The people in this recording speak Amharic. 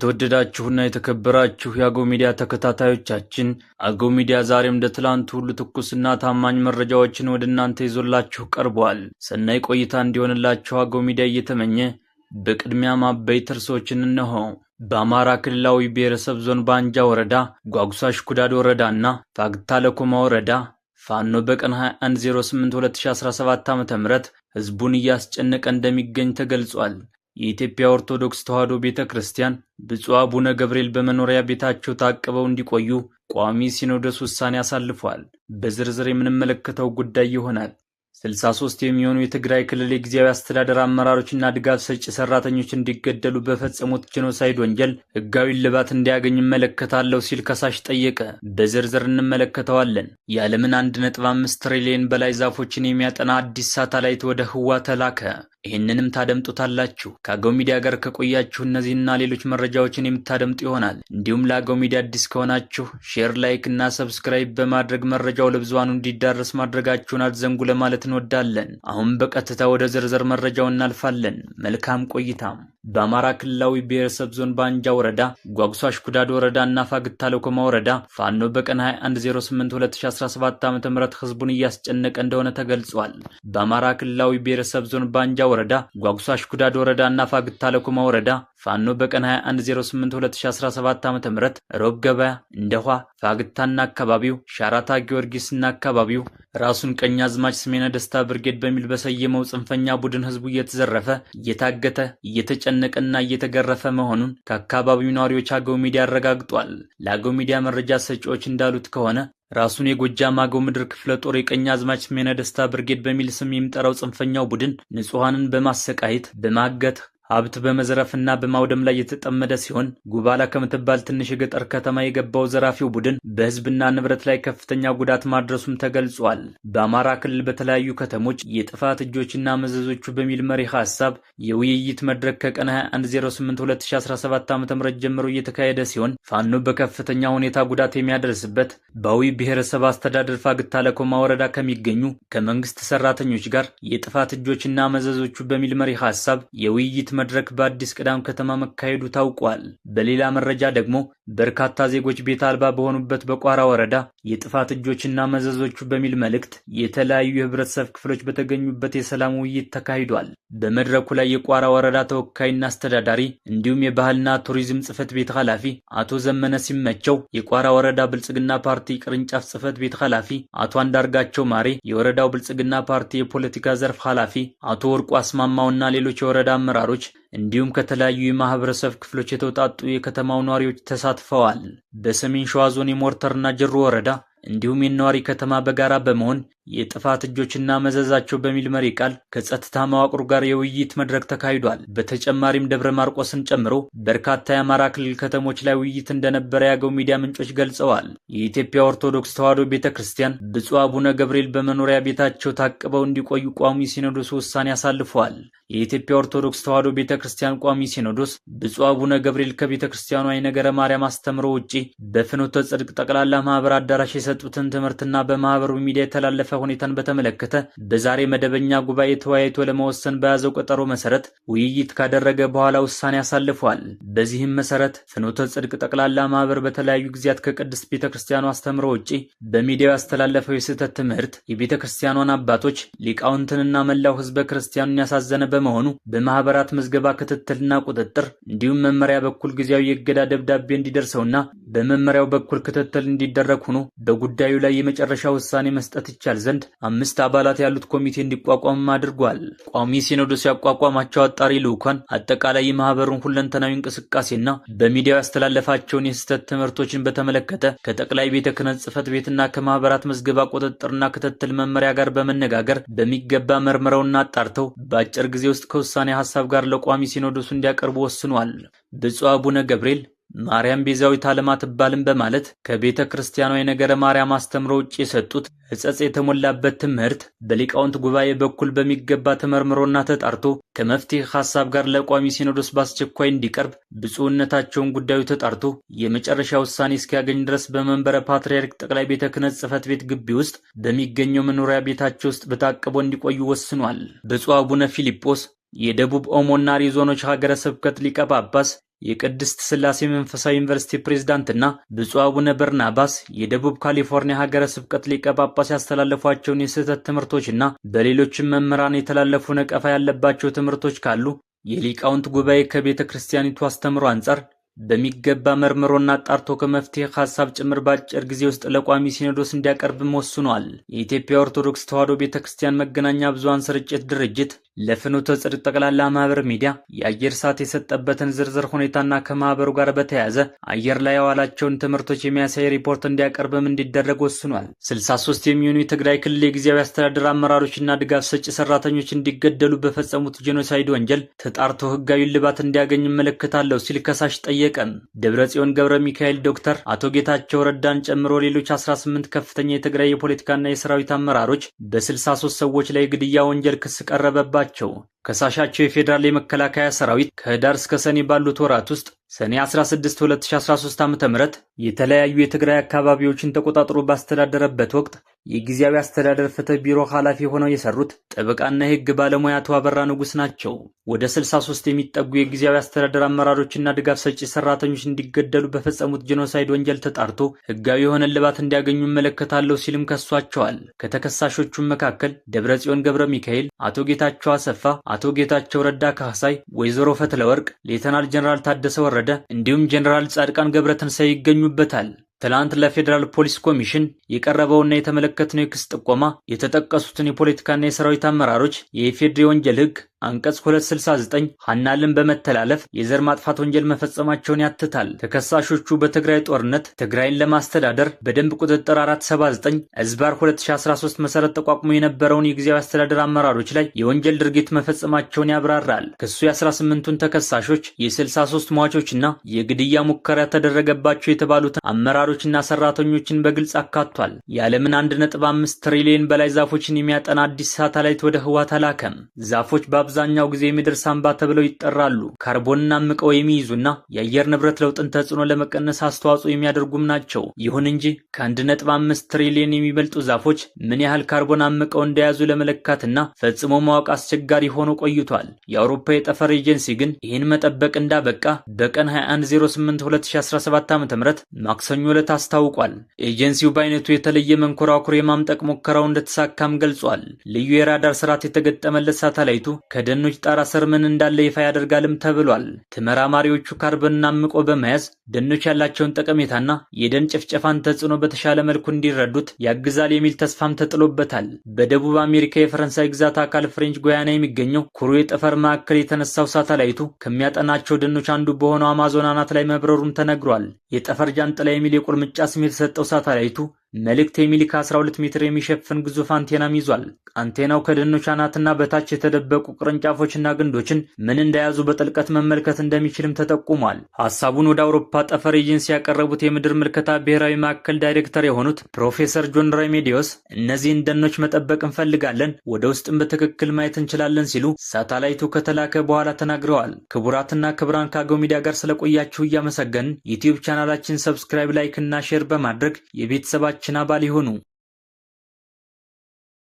የተወደዳችሁና የተከበራችሁ የአገው ሚዲያ ተከታታዮቻችን አገው ሚዲያ ዛሬም እንደ ትላንቱ ሁሉ ትኩስና ታማኝ መረጃዎችን ወደ እናንተ ይዞላችሁ ቀርቧል። ሰናይ ቆይታ እንዲሆንላችሁ አገው ሚዲያ እየተመኘ በቅድሚያ አበይት ርዕሶችን እነሆ። በአማራ ክልላዊ ብሔረሰብ ዞን ባንጃ ወረዳ ጓጉሳሽ ኩዳድ ወረዳና ፋግታ ለኮማ ወረዳ ፋኖ በቀን 2108 2017 ዓ ም ህዝቡን እያስጨነቀ እንደሚገኝ ተገልጿል። የኢትዮጵያ ኦርቶዶክስ ተዋሕዶ ቤተ ክርስቲያን ብፁዕ አቡነ ገብርኤል በመኖሪያ ቤታቸው ታቅበው እንዲቆዩ ቋሚ ሲኖዶስ ውሳኔ አሳልፏል። በዝርዝር የምንመለከተው ጉዳይ ይሆናል። 63 የሚሆኑ የትግራይ ክልል የጊዜያዊ አስተዳደር አመራሮችና ድጋፍ ሰጪ ሰራተኞች እንዲገደሉ በፈጸሙት ጄኖሳይድ ወንጀል ህጋዊ ልባት እንዲያገኝ እመለከታለሁ ሲል ከሳሽ ጠየቀ። በዝርዝር እንመለከተዋለን። የዓለምን 1.5 ትሪሊየን በላይ ዛፎችን የሚያጠና አዲስ ሳተላይት ወደ ህዋ ተላከ። ይህንንም ታደምጡታላችሁ። ከአገው ሚዲያ ጋር ከቆያችሁ እነዚህና ሌሎች መረጃዎችን የምታደምጡ ይሆናል። እንዲሁም ለአገው ሚዲያ አዲስ ከሆናችሁ ሼር፣ ላይክ እና ሰብስክራይብ በማድረግ መረጃው ለብዙሃኑ እንዲዳረስ ማድረጋችሁን አትዘንጉ ለማለት እንወዳለን። አሁን በቀጥታ ወደ ዝርዝር መረጃው እናልፋለን። መልካም ቆይታም በአማራ ክልላዊ ብሔረሰብ ዞን በአንጃ ወረዳ ጓጉሷሽ ሽኩዳድ ወረዳ እና ፋግታ ለኮማ ወረዳ ፋኖ በቀን 21082017 ዓ ም ህዝቡን እያስጨነቀ እንደሆነ ተገልጿል። በአማራ ክልላዊ ብሔረሰብ ዞን በአንጃ ወረዳ ጓጉሳ ሽኩዳድ ወረዳ እና ፋግታ ለኮማ ወረዳ ፋኖ በቀን 21082017 ዓ ም ሮብ ገበያ እንደኋ ፋግታና አካባቢው ሻራታ ጊዮርጊስና አካባቢው ራሱን ቀኝ አዝማች ስሜነ ደስታ ብርጌድ በሚል በሰየመው ጽንፈኛ ቡድን ህዝቡ እየተዘረፈ እየታገተ እየተጨነቀና እየተገረፈ መሆኑን ከአካባቢው ነዋሪዎች አገው ሚዲያ አረጋግጧል። ለአገው ሚዲያ መረጃ ሰጪዎች እንዳሉት ከሆነ ራሱን የጎጃም አገው ምድር ክፍለ ጦር የቀኝ አዝማች ስሜነ ደስታ ብርጌድ በሚል ስም የሚጠራው ጽንፈኛው ቡድን ንጹሐንን በማሰቃየት በማገት ሀብት በመዝረፍና በማውደም ላይ የተጠመደ ሲሆን ጉባላ ከምትባል ትንሽ የገጠር ከተማ የገባው ዘራፊው ቡድን በህዝብና ንብረት ላይ ከፍተኛ ጉዳት ማድረሱም ተገልጿል። በአማራ ክልል በተለያዩ ከተሞች የጥፋት እጆችና መዘዞቹ በሚል መሪ ሀሳብ የውይይት መድረክ ከቀን 21082017 ዓ ም ጀምሮ እየተካሄደ ሲሆን ፋኖ በከፍተኛ ሁኔታ ጉዳት የሚያደርስበት በአዊ ብሔረሰብ አስተዳደር ፋግታ ለኮማ ወረዳ ከሚገኙ ከመንግስት ሰራተኞች ጋር የጥፋት እጆችና መዘዞቹ በሚል መሪ ሀሳብ የውይይት መድረክ በአዲስ ቅዳም ከተማ መካሄዱ ታውቋል። በሌላ መረጃ ደግሞ በርካታ ዜጎች ቤት አልባ በሆኑበት በቋራ ወረዳ የጥፋት እጆችና መዘዞቹ በሚል መልእክት የተለያዩ የህብረተሰብ ክፍሎች በተገኙበት የሰላም ውይይት ተካሂዷል። በመድረኩ ላይ የቋራ ወረዳ ተወካይና አስተዳዳሪ እንዲሁም የባህልና ቱሪዝም ጽህፈት ቤት ኃላፊ አቶ ዘመነ ሲመቸው፣ የቋራ ወረዳ ብልጽግና ፓርቲ ቅርንጫፍ ጽህፈት ቤት ኃላፊ አቶ አንዳርጋቸው ማሬ፣ የወረዳው ብልጽግና ፓርቲ የፖለቲካ ዘርፍ ኃላፊ አቶ ወርቁ አስማማውና ሌሎች የወረዳ አመራሮች እንዲሁም ከተለያዩ የማህበረሰብ ክፍሎች የተውጣጡ የከተማው ነዋሪዎች ተሳትፈዋል። በሰሜን ሸዋ ዞን የሞርተርና ጅሩ ወረዳ እንዲሁም የነዋሪ ከተማ በጋራ በመሆን የጥፋት እጆችና መዘዛቸው በሚል መሪ ቃል ከጸጥታ መዋቅሩ ጋር የውይይት መድረክ ተካሂዷል። በተጨማሪም ደብረ ማርቆስን ጨምሮ በርካታ የአማራ ክልል ከተሞች ላይ ውይይት እንደነበረ የአገው ሚዲያ ምንጮች ገልጸዋል። የኢትዮጵያ ኦርቶዶክስ ተዋሕዶ ቤተ ክርስቲያን ብፁዕ አቡነ ገብርኤል በመኖሪያ ቤታቸው ታቅበው እንዲቆዩ ቋሚ ሲኖዶስ ውሳኔ አሳልፈዋል። የኢትዮጵያ ኦርቶዶክስ ተዋሕዶ ቤተ ክርስቲያን ቋሚ ሲኖዶስ ብፁዕ አቡነ ገብርኤል ከቤተ ክርስቲያኗ የነገረ ማርያም አስተምሮ ውጪ በፍኖተ ጽድቅ ጠቅላላ ማህበር አዳራሽ የሰጡትን ትምህርትና በማህበሩ ሚዲያ የተላለፈ ሁኔታን በተመለከተ በዛሬ መደበኛ ጉባኤ ተወያይቶ ለመወሰን በያዘው ቀጠሮ መሰረት ውይይት ካደረገ በኋላ ውሳኔ አሳልፏል። በዚህም መሰረት ፍኖተ ጽድቅ ጠቅላላ ማህበር በተለያዩ ጊዜያት ከቅድስት ቤተ ክርስቲያኑ አስተምሮ ውጪ በሚዲያው ያስተላለፈው የስህተት ትምህርት የቤተ ክርስቲያኗን አባቶች ሊቃውንትንና መላው ህዝበ ክርስቲያኑን ያሳዘነ በመሆኑ በማህበራት ምዝገባ ክትትልና ቁጥጥር እንዲሁም መመሪያ በኩል ጊዜያዊ የእገዳ ደብዳቤ እንዲደርሰውና በመመሪያው በኩል ክትትል እንዲደረግ ሆኖ በጉዳዩ ላይ የመጨረሻ ውሳኔ መስጠት ይቻል ዘንድ አምስት አባላት ያሉት ኮሚቴ እንዲቋቋም አድርጓል። ቋሚ ሲኖዶስ ያቋቋማቸው አጣሪ ልዑካን አጠቃላይ የማህበሩን ሁለንተናዊ እንቅስቃሴና በሚዲያው ያስተላለፋቸውን የስህተት ትምህርቶችን በተመለከተ ከጠቅላይ ቤተ ክህነት ጽሕፈት ቤትና ከማህበራት መዝገባ ቁጥጥርና ክትትል መመሪያ ጋር በመነጋገር በሚገባ መርምረውና አጣርተው በአጭር ጊዜ ውስጥ ከውሳኔ ሀሳብ ጋር ለቋሚ ሲኖዶሱ እንዲያቀርቡ ወስኗል። ብፁዕ አቡነ ገብርኤል ማርያም ቤዛዊት ዓለም አትባልም በማለት ከቤተ ክርስቲያኗ የነገረ ማርያም አስተምሮ ውጭ የሰጡት ሕጸጽ የተሞላበት ትምህርት በሊቃውንት ጉባኤ በኩል በሚገባ ተመርምሮና ተጣርቶ ከመፍትሄ ሐሳብ ጋር ለቋሚ ሲኖዶስ በአስቸኳይ እንዲቀርብ ብፁዕነታቸውን ጉዳዩ ተጣርቶ የመጨረሻ ውሳኔ እስኪያገኝ ድረስ በመንበረ ፓትርያርክ ጠቅላይ ቤተ ክህነት ጽሕፈት ቤት ግቢ ውስጥ በሚገኘው መኖሪያ ቤታቸው ውስጥ በታቅቦ እንዲቆዩ ወስኗል። ብፁዕ አቡነ ፊልጶስ የደቡብ ኦሞና ሪዞኖች ሀገረ ስብከት ሊቀ ጳጳስ የቅድስት ስላሴ መንፈሳዊ ዩኒቨርሲቲ ፕሬዝዳንትና ብፁዕ አቡነ በርናባስ የደቡብ ካሊፎርኒያ ሀገረ ስብከት ሊቀ ጳጳስ ያስተላለፏቸውን የስህተት ትምህርቶችና በሌሎችም መምህራን የተላለፉ ነቀፋ ያለባቸው ትምህርቶች ካሉ የሊቃውንት ጉባኤ ከቤተ ክርስቲያኒቱ አስተምሮ አንጻር በሚገባ መርምሮና አጣርቶ ከመፍትሄ ሀሳብ ጭምር በአጭር ጊዜ ውስጥ ለቋሚ ሲኖዶስ እንዲያቀርብም ወስኗል። የኢትዮጵያ ኦርቶዶክስ ተዋሕዶ ቤተ ክርስቲያን መገናኛ ብዙሃን ስርጭት ድርጅት ለፍኖተ ጽድቅ ጠቅላላ ማህበር ሚዲያ የአየር ሰዓት የሰጠበትን ዝርዝር ሁኔታና ከማህበሩ ጋር በተያያዘ አየር ላይ የዋላቸውን ትምህርቶች የሚያሳይ ሪፖርት እንዲያቀርብም እንዲደረግ ወስኗል። 63 የሚሆኑ የትግራይ ክልል የጊዜያዊ አስተዳደር አመራሮችና ድጋፍ ሰጪ ሰራተኞች እንዲገደሉ በፈጸሙት ጄኖሳይድ ወንጀል ተጣርቶ ህጋዊ ልባት እንዲያገኝ እመለከታለሁ ሲል ከሳሽ ጠየቀም። ጽዮን ገብረ ሚካኤል ዶክተር አቶ ጌታቸው ረዳን ጨምሮ ሌሎች 18 ከፍተኛ የትግራይ የፖለቲካና የሰራዊት አመራሮች በ63 ሰዎች ላይ ግድያ ወንጀል ክስ ቀረበባቸው አለባቸው ከሳሻቸው የፌዴራል የመከላከያ ሰራዊት ከህዳር እስከ ሰኔ ባሉት ወራት ውስጥ ሰኔ 16 2013 ዓ.ም የተለያዩ የትግራይ አካባቢዎችን ተቆጣጥሮ ባስተዳደረበት ወቅት የጊዜያዊ አስተዳደር ፍትህ ቢሮ ኃላፊ ሆነው የሰሩት ጠበቃና የህግ ባለሙያ አቶ አበራ ንጉስ ናቸው። ወደ 63 የሚጠጉ የጊዜያዊ አስተዳደር አመራሮችና ድጋፍ ሰጪ ሰራተኞች እንዲገደሉ በፈጸሙት ጄኖሳይድ ወንጀል ተጣርቶ ህጋዊ የሆነ እልባት እንዲያገኙ እመለከታለሁ ሲልም ከሷቸዋል። ከተከሳሾቹም መካከል ደብረጽዮን ገብረ ሚካኤል፣ አቶ ጌታቸው አሰፋ አቶ ጌታቸው ረዳ ካህሳይ፣ ወይዘሮ ፈትለወርቅ፣ ሌተናል ጀኔራል ታደሰ ወረደ እንዲሁም ጀኔራል ጻድቃን ገብረትንሳኤ ይገኙበታል። ትላንት ለፌዴራል ፖሊስ ኮሚሽን የቀረበውና የተመለከትነው የክስ ጥቆማ የተጠቀሱትን የፖለቲካና የሰራዊት አመራሮች የኢፌዴሪ ወንጀል ህግ አንቀጽ 269 ሀናልን በመተላለፍ የዘር ማጥፋት ወንጀል መፈጸማቸውን ያትታል። ተከሳሾቹ በትግራይ ጦርነት ትግራይን ለማስተዳደር በደንብ ቁጥጥር 479 እዝባር 2013 መሰረት ተቋቁሞ የነበረውን የጊዜያዊ አስተዳደር አመራሮች ላይ የወንጀል ድርጊት መፈጸማቸውን ያብራራል። ክሱ የ18ቱን ተከሳሾች የ63 ሟቾችና የግድያ ሙከራ ተደረገባቸው የተባሉትን አመራሮችና ሰራተኞችን በግልጽ አካቷል። የዓለምን 1.5 ትሪሊዮን በላይ ዛፎችን የሚያጠና አዲስ ሳተላይት ወደ ህዋት አላከም። ዛፎች በአብ በአብዛኛው ጊዜ የምድር ሳንባ ተብለው ይጠራሉ። ካርቦንን አምቀው የሚይዙና የአየር ንብረት ለውጥን ተጽዕኖ ለመቀነስ አስተዋጽኦ የሚያደርጉም ናቸው። ይሁን እንጂ ከ1.5 ትሪሊዮን የሚበልጡ ዛፎች ምን ያህል ካርቦን አምቀው እንደያዙ ለመለካትና ፈጽሞ ማወቅ አስቸጋሪ ሆኖ ቆይቷል። የአውሮፓ የጠፈር ኤጀንሲ ግን ይህን መጠበቅ እንዳበቃ በቀን 21082017 ዓ ም ማክሰኞ ዕለት አስታውቋል። ኤጀንሲው በአይነቱ የተለየ መንኮራኩር የማምጠቅ ሙከራው እንደተሳካም ገልጿል። ልዩ የራዳር ስርዓት የተገጠመለት ሳተላይቱ ከ ከደኖች ጣራ ስር ምን እንዳለ ይፋ ያደርጋልም ተብሏል። ተመራማሪዎቹ ካርበንን አምቆ በመያዝ ደኖች ያላቸውን ጠቀሜታና የደን ጭፍጨፋን ተጽዕኖ በተሻለ መልኩ እንዲረዱት ያግዛል የሚል ተስፋም ተጥሎበታል። በደቡብ አሜሪካ የፈረንሳይ ግዛት አካል ፍሬንች ጎያና የሚገኘው ኩሩ የጠፈር ማዕከል የተነሳው ሳተላይቱ ከሚያጠናቸው ደኖች አንዱ በሆነው አማዞን አናት ላይ መብረሩም ተነግሯል። የጠፈር ጃንጥላ የሚል የቁልምጫ ስም የተሰጠው ሳተላይቱ መልእክት የሚልክ 12 ሜትር የሚሸፍን ግዙፍ አንቴናም ይዟል። አንቴናው ከደኖች አናትና በታች የተደበቁ ቅርንጫፎችና ግንዶችን ምን እንደያዙ በጥልቀት መመልከት እንደሚችልም ተጠቁሟል። ሐሳቡን ወደ አውሮፓ ጠፈር ኤጀንሲ ያቀረቡት የምድር ምልከታ ብሔራዊ ማዕከል ዳይሬክተር የሆኑት ፕሮፌሰር ጆን ሬሜዲዮስ እነዚህን ደኖች መጠበቅ እንፈልጋለን፣ ወደ ውስጥም በትክክል ማየት እንችላለን ሲሉ ሳተላይቱ ከተላከ በኋላ ተናግረዋል። ክቡራትና ክቡራን ከአገው ሚዲያ ጋር ስለቆያችሁ እያመሰገንን ዩቲዩብ ቻናላችን ሰብስክራይብ፣ ላይክ እና ሼር በማድረግ የቤተሰባ የሀገራችን አባል ይሁኑ